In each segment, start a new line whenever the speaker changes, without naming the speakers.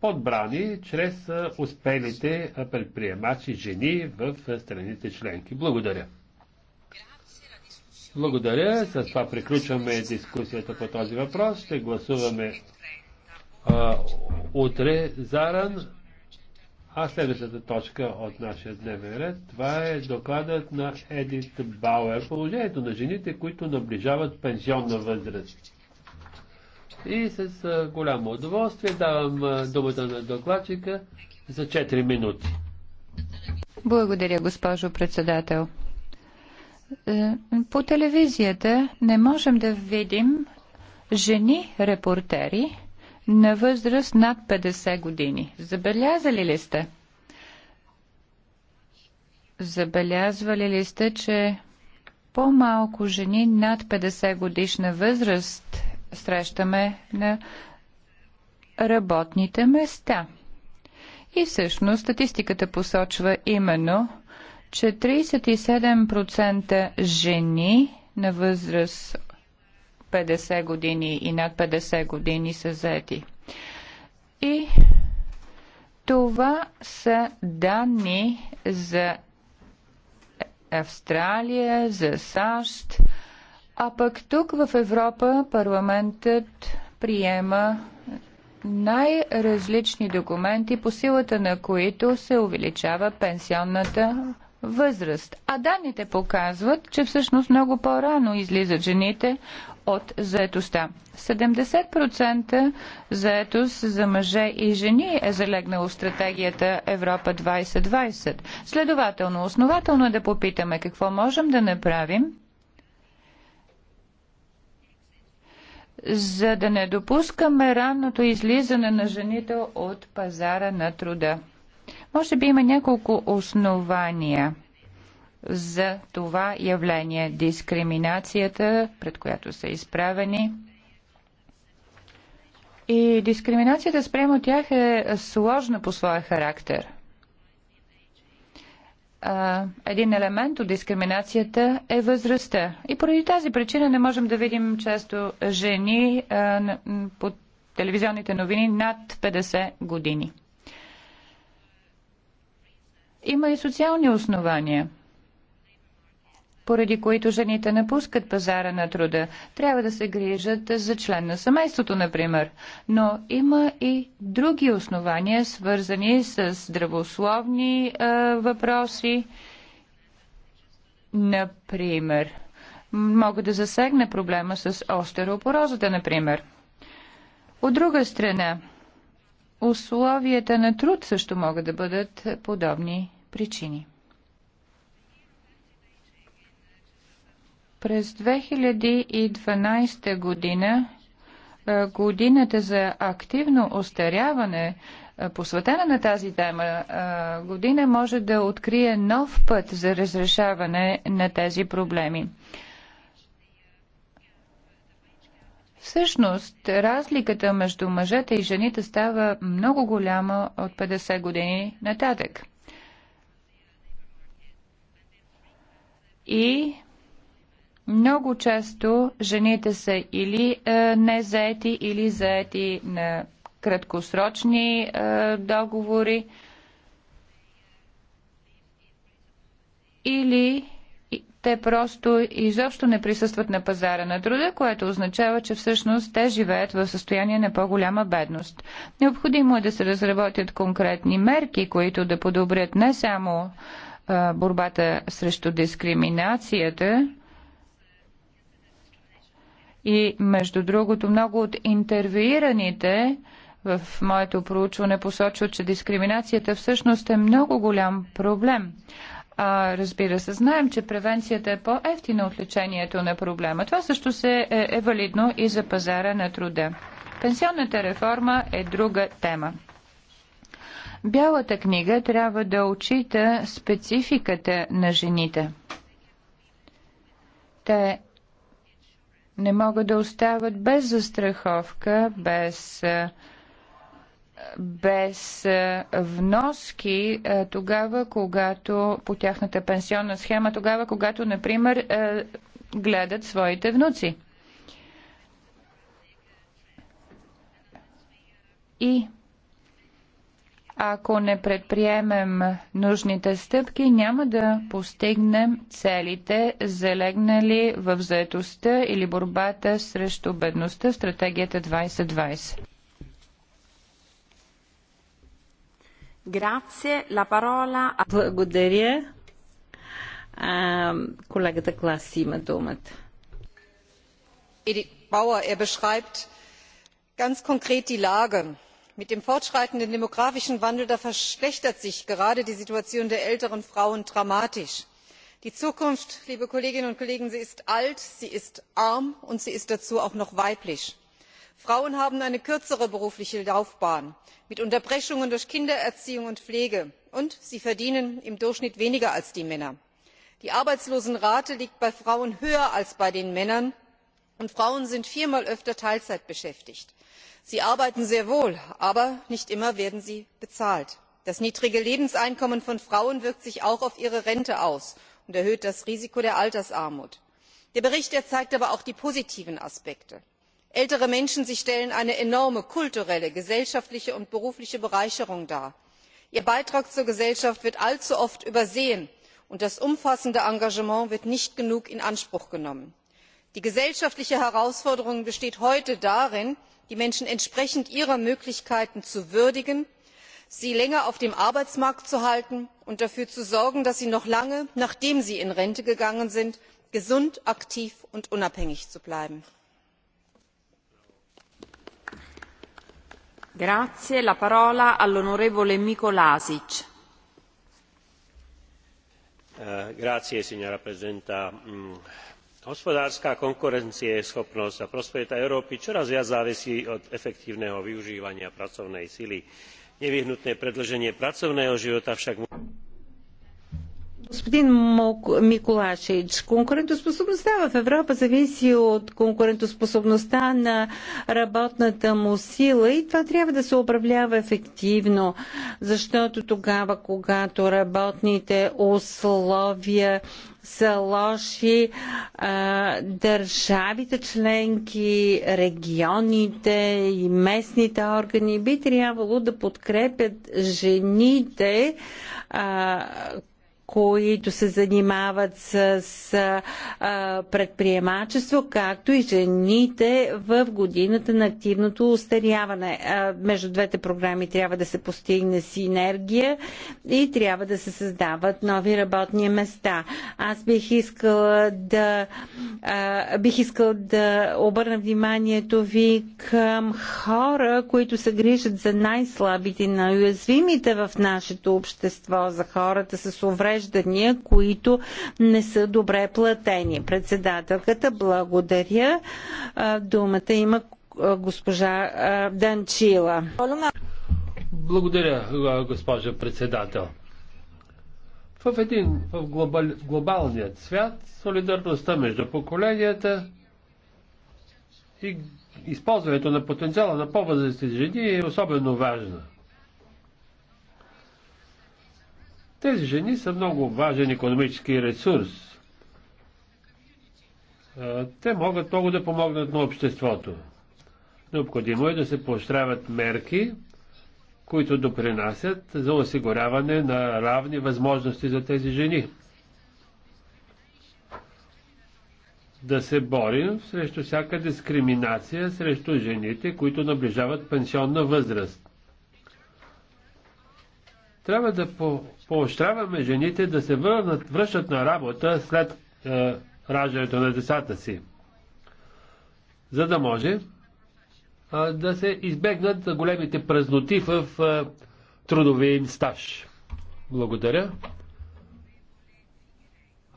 подбрани чрез успелите предприемачи жени в страните членки. Благодаря. Благодаря. С това приключваме дискусията по този въпрос. Ще гласуваме а, утре заран. А следващата точка от нашия дневен ред, това е докладът на Едит Бауер. Положението на жените, които наближават пенсионна възраст. И с голямо удоволствие давам думата на докладчика за 4 минути.
Благодаря, госпожо председател. Е, по телевизията не можем да видим жени репортери на възраст над 50 години. Забелязали ли сте? Забелязвали ли сте, че по-малко жени над 50 годишна възраст срещаме на работните места. И всъщност статистиката посочва именно, че 37% жени на възраст 50 години и над 50 години са заети. И това са данни за Австралия, за САЩ а пък тук в Европа парламентът приема най-различни документи, по силата на които се увеличава пенсионната възраст. А данните показват, че всъщност много по-рано излизат жените от заетостта. 70% заетост за мъже и жени е залегнало в стратегията Европа 2020. Следователно, основателно е да попитаме какво можем да направим, за да не допускаме ранното излизане на жените от пазара на труда. Може би има няколко основания за това явление дискриминацията, пред която са изправени. И дискриминацията спрямо тях е сложна по своя характер – а, един елемент от дискриминацията е възрастта. И поради тази причина не можем да видим често жени по телевизионните новини над 50 години. Има и социални основания – поради които жените напускат пазара на труда. Трябва да се грижат за член на семейството, например. Но има и други основания, свързани с здравословни е, въпроси. Например, мога да засегна проблема с остеропорозата, например. От друга страна, условията на труд също могат да бъдат подобни причини. През 2012 година, годината за активно остаряване, посветена на тази тема година, може да открие нов път за разрешаване на тези проблеми. Всъщност, разликата между мъжете и жените става много голяма от 50 години нататък. И много често жените са или е, незаети, или заети на краткосрочни е, договори, или те просто изобщо не присъстват на пазара на труда, което означава, че всъщност те живеят в състояние на по-голяма бедност. Необходимо е да се разработят конкретни мерки, които да подобрят не само е, борбата срещу дискриминацията, и между другото, много от интервюираните в моето проучване посочват, че дискриминацията всъщност е много голям проблем. А, разбира се, знаем, че превенцията е по-ефтина от лечението на проблема. Това също се е, е валидно и за пазара на труда. Пенсионната реформа е друга тема. Бялата книга трябва да отчита спецификата на жените. Те не могат да остават без застраховка, без без вноски тогава, когато по тяхната пенсионна схема, тогава, когато, например, гледат своите внуци. И ако не предприемем нужните стъпки, няма да постигнем целите, залегнали в заетостта или борбата срещу бедността в стратегията 2020.
Grazie, la parola... Благодаря. А, колегата Клас има думата.
Edith Bauer, er beschreibt ganz konkret die Lage mit dem fortschreitenden demografischen wandel verschlechtert sich gerade die situation der älteren frauen dramatisch. die zukunft ist alt sie ist arm und sie ist dazu auch noch weiblich. frauen haben eine kürzere berufliche laufbahn mit unterbrechungen durch kindererziehung und pflege und sie verdienen im durchschnitt weniger als die männer. die arbeitslosenrate liegt bei frauen höher als bei den männern und frauen sind viermal öfter teilzeit beschäftigt. sie arbeiten sehr wohl aber nicht immer werden sie bezahlt. das niedrige lebenseinkommen von frauen wirkt sich auch auf ihre rente aus und erhöht das risiko der altersarmut. der bericht zeigt aber auch die positiven aspekte ältere menschen stellen eine enorme kulturelle gesellschaftliche und berufliche bereicherung dar. ihr beitrag zur gesellschaft wird allzu oft übersehen und das umfassende engagement wird nicht genug in anspruch genommen die gesellschaftliche herausforderung besteht heute darin die menschen entsprechend ihrer möglichkeiten zu würdigen sie länger auf dem arbeitsmarkt zu halten und dafür zu sorgen dass sie noch lange nachdem sie in rente gegangen sind gesund aktiv und unabhängig bleiben.
signora hospodárska konkurencieschopnosť a prosperita európy čoraz viac závisí od efektívneho využívania pracovnej sily. nevyhnutné predĺženie pracovného života však
Господин Миколашич, конкурентоспособността в Европа зависи от конкурентоспособността на работната му сила и това трябва да се управлява ефективно, защото тогава, когато работните условия са лоши а, държавите членки, регионите и местните органи би трябвало да подкрепят жените, а, които се занимават с, с а, предприемачество, както и жените в годината на активното устаряване. А, между двете програми трябва да се постигне синергия и трябва да се създават нови работни места. Аз бих искала да, а, бих искала да обърна вниманието ви към хора, които се грижат за най-слабите, най-уязвимите в нашето общество, за хората с увреждане увреждания, които не са добре платени. Председателката, благодаря. Думата има госпожа Данчила.
Благодаря, госпожа председател. В един, в глобал, глобалният свят, солидарността между поколенията и използването на потенциала на по-възрастни жени е особено важно. Тези жени са много важен економически ресурс. Те могат много да помогнат на обществото. Необходимо е да се поощряват мерки, които допринасят за осигуряване на равни възможности за тези жени. Да се борим срещу всяка дискриминация срещу жените, които наближават пенсионна възраст. Трябва да по- поощряваме жените да се върнат, връщат на работа след е, раждането на децата си, за да може е, да се избегнат големите празноти в е, трудовия им стаж. Благодаря.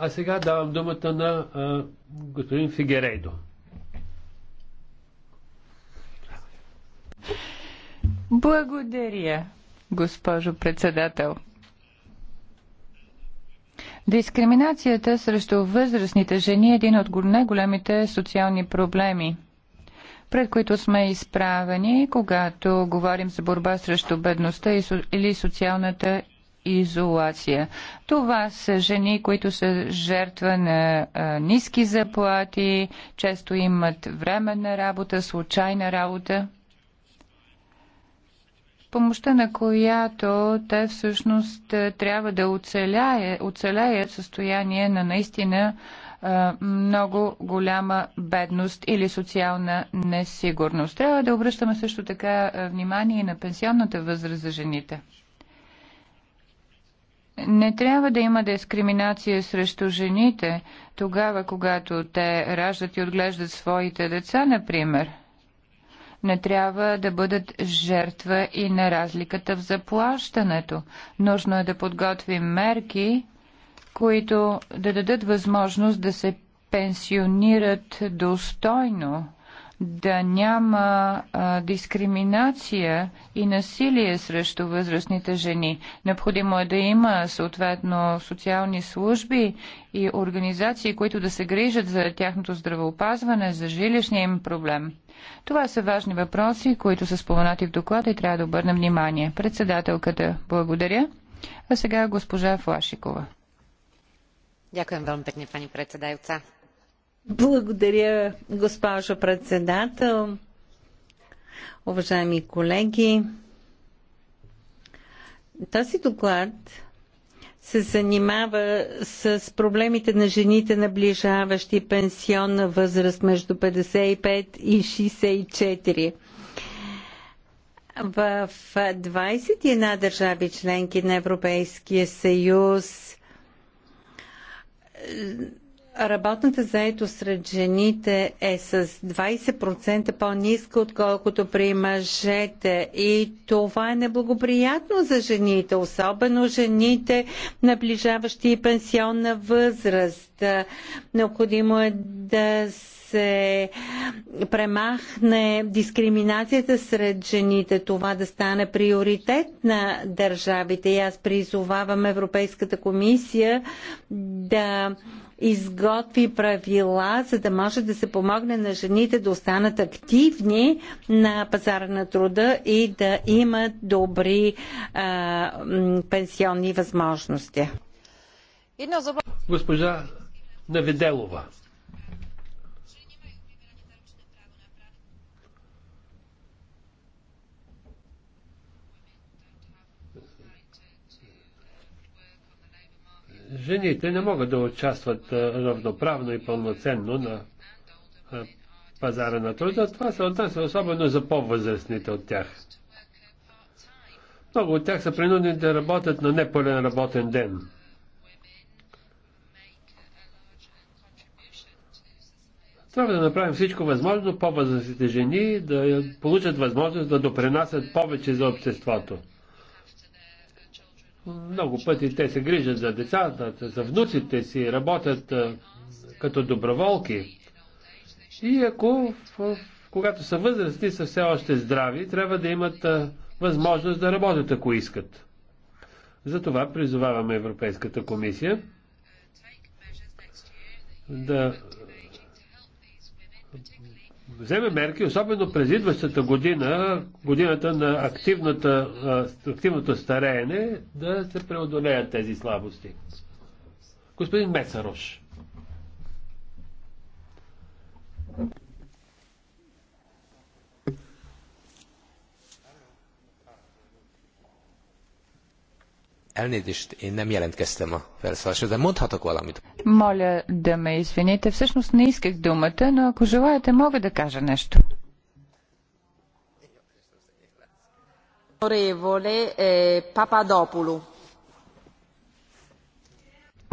А сега давам думата на е, господин
Фигерейдо. Благодаря госпожо председател. Дискриминацията срещу възрастните жени е един от най-големите социални проблеми, пред които сме изправени, когато говорим за борба срещу бедността или социалната изолация. Това са жени, които са жертва на ниски заплати, често имат временна работа, случайна работа помощта на която те всъщност е, трябва да оцеляят състояние на наистина е, много голяма бедност или социална несигурност. Трябва да обръщаме също така е, внимание и на пенсионната възраст за жените. Не трябва да има дискриминация срещу жените тогава, когато те раждат и отглеждат своите деца, например – не трябва да бъдат жертва и на разликата в заплащането. Нужно е да подготвим мерки, които да дадат възможност да се пенсионират достойно да няма а, дискриминация и насилие срещу възрастните жени. Необходимо е да има съответно социални служби и организации, които да се грижат за тяхното здравеопазване, за жилищния им проблем. Това са важни въпроси, които са споменати в доклада и трябва да обърнем внимание. Председателката, благодаря. А сега госпожа Флашикова. Дякуем veľmi pekne, pani благодаря,
госпожо председател. Уважаеми колеги, този доклад се занимава с проблемите на жените, наближаващи пенсионна възраст между 55 и 64. В 21 държави членки на Европейския съюз работната заетост сред жените е с 20% по-ниска, отколкото при мъжете. И това е неблагоприятно за жените, особено жените, наближаващи пенсионна възраст. Необходимо е да се премахне дискриминацията сред жените, това да стане приоритет на държавите. И аз призовавам Европейската комисия да изготви правила, за да може да се помогне на жените да останат активни на пазара на труда и да имат добри а, пенсионни възможности.
Госпожа Наведелова. жените не могат да участват равноправно и пълноценно на пазара на труда. Това се отнася особено за по-възрастните от тях. Много от тях са принудени да работят на непълен работен ден. Трябва да направим всичко възможно по-възрастните жени да получат възможност да допринасят повече за обществото. Много пъти те се грижат за децата, за внуците си, работят като доброволки. И ако, когато са възрастни, са все още здрави, трябва да имат възможност да работят, ако искат. Затова призоваваме Европейската комисия да вземе мерки, особено през идващата година, годината на активната, активното стареене, да се преодолеят тези слабости. Господин Месарош.
Elnézést, én nem jelentkeztem a felszólásra, de mondhatok valamit.
Моля да ме извините. Всъщност не исках думата, но ако желаете, мога да кажа нещо.
Eh,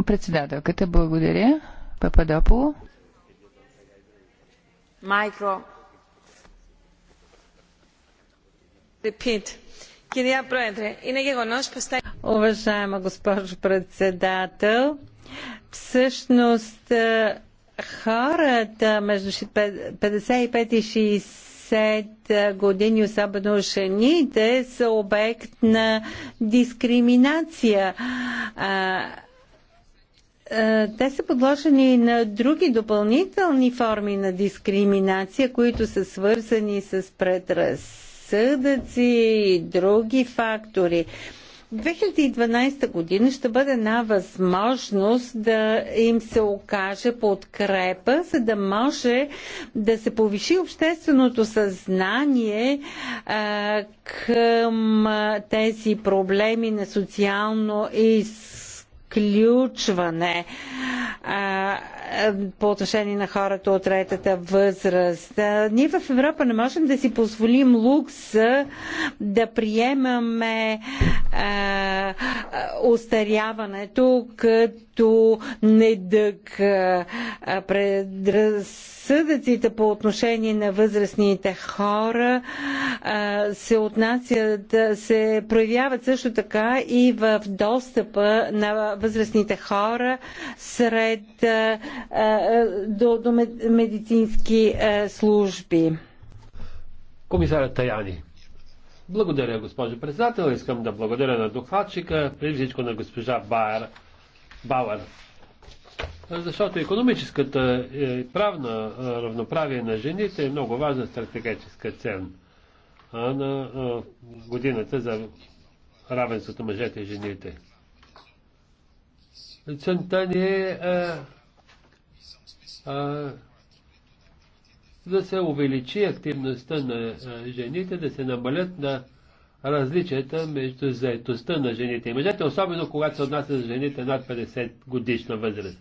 Председателката, благодаря. Пападополо.
Майкро. Repeat. Κυρία Πρόεδρε, είναι γεγονός πως Уважаема госпожо председател, всъщност е, хората между 55 и 60 е, години, особено жените, са обект на дискриминация. А, е, а, те са подложени на други допълнителни форми на дискриминация, които са свързани с предразсъдъци и други фактори. 2012 година ще бъде една възможност да им се окаже подкрепа, за да може да се повиши общественото съзнание а, към а, тези проблеми на социално изключване. А, а, по отношение на хората от третата възраст. А, ние в Европа не можем да си позволим лукс да приемаме а, остаряването като недък. А, предразсъдъците по отношение на възрастните хора а, се отнасят, се проявяват също така и в достъпа на възрастните хора сред пред до, до медицински
служби. Комисарът Таяни. Благодаря, госпожо председател. Искам да благодаря на докладчика, преди всичко на госпожа Бауер, Бауер защото економическата и правна равноправие на жените е много важна стратегическа цен на годината за равенството мъжете и жените. Целта ни е а, а, да се увеличи активността на жените, да се намалят на различията между заетостта на жените и мъжете, особено когато се отнася за жените над 50 годишна възраст.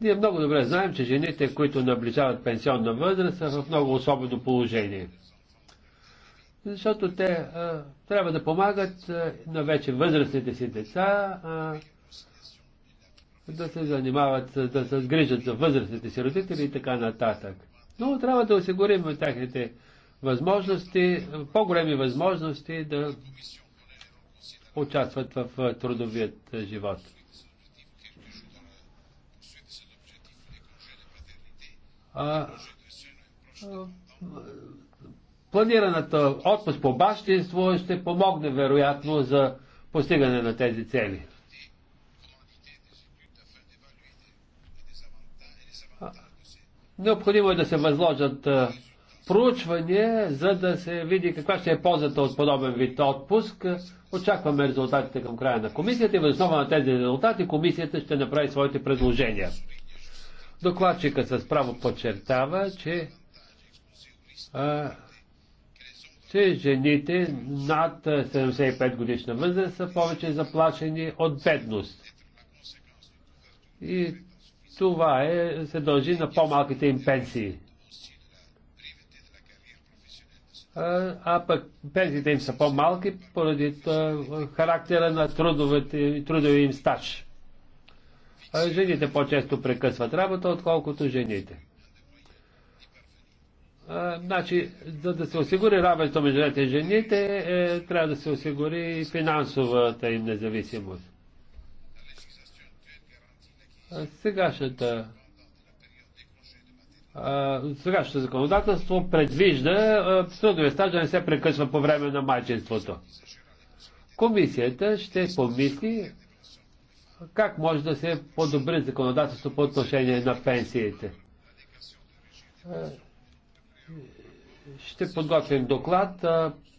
Ние много добре знаем, че жените, които наближават пенсионна възраст, са в много особено положение. Защото те а, трябва да помагат а, на вече възрастните си деца, а, да се занимават, е, да се грижат за възрастните си родители и така нататък. Но трябва да осигурим техните възможности, по-големи възможности да участват в е, трудовият живот. А, а, е, планираната отпуск по бащинство ще помогне вероятно за постигане на тези цели. Необходимо е да се възложат проучвания, за да се види каква ще е ползата от подобен вид отпуск. Очакваме резултатите към края на комисията и основа на тези резултати комисията ще направи своите предложения. Докладчика с право подчертава, че, а, че жените над 75 годишна възраст са повече заплашени от бедност. И това е, се дължи на по-малките им пенсии. А, а пък пенсиите им са по-малки поради характера на трудовия трудови им стаж. А жените по-често прекъсват работа, отколкото жените. А, значи, за да се осигури равенство между жените и жените, е, трябва да се осигури и финансовата им независимост. Сегашната сегашното законодателство предвижда трудовия стаж да не се прекъсва по време на майчинството. Комисията ще помисли как може да се подобри законодателство по отношение на пенсиите. Ще подготвим доклад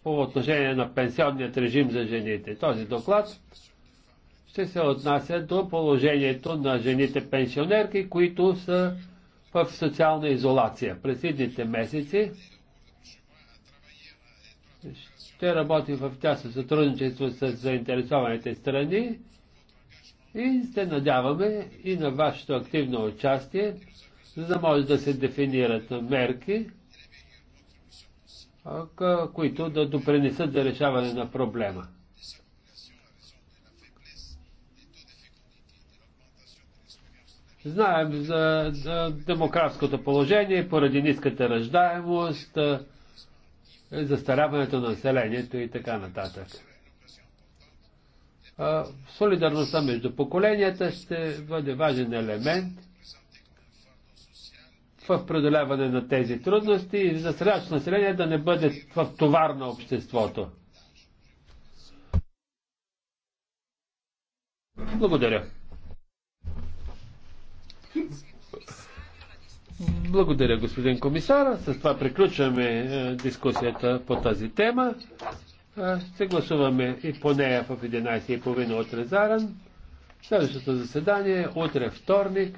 по отношение на пенсионният режим за жените. Този доклад ще се отнася до положението на жените пенсионерки, които са в социална изолация. През едните месеци ще работи в тясно сътрудничество с заинтересованите страни и се надяваме и на вашето активно участие, за да може да се дефинират мерки, които да допринесат за решаване на проблема. Знаем за демографското положение, поради ниската ръждаемост, застаряването на населението и така нататък. Солидарността между поколенията ще бъде важен елемент в преодоляване на тези трудности и за средачно население да не бъде в товар на обществото. Благодаря. Благодаря, господин комисар. С това приключваме е, дискусията по тази тема. Е, ще гласуваме и по нея в 11.30 отрезаран. Следващото заседание е утре вторник.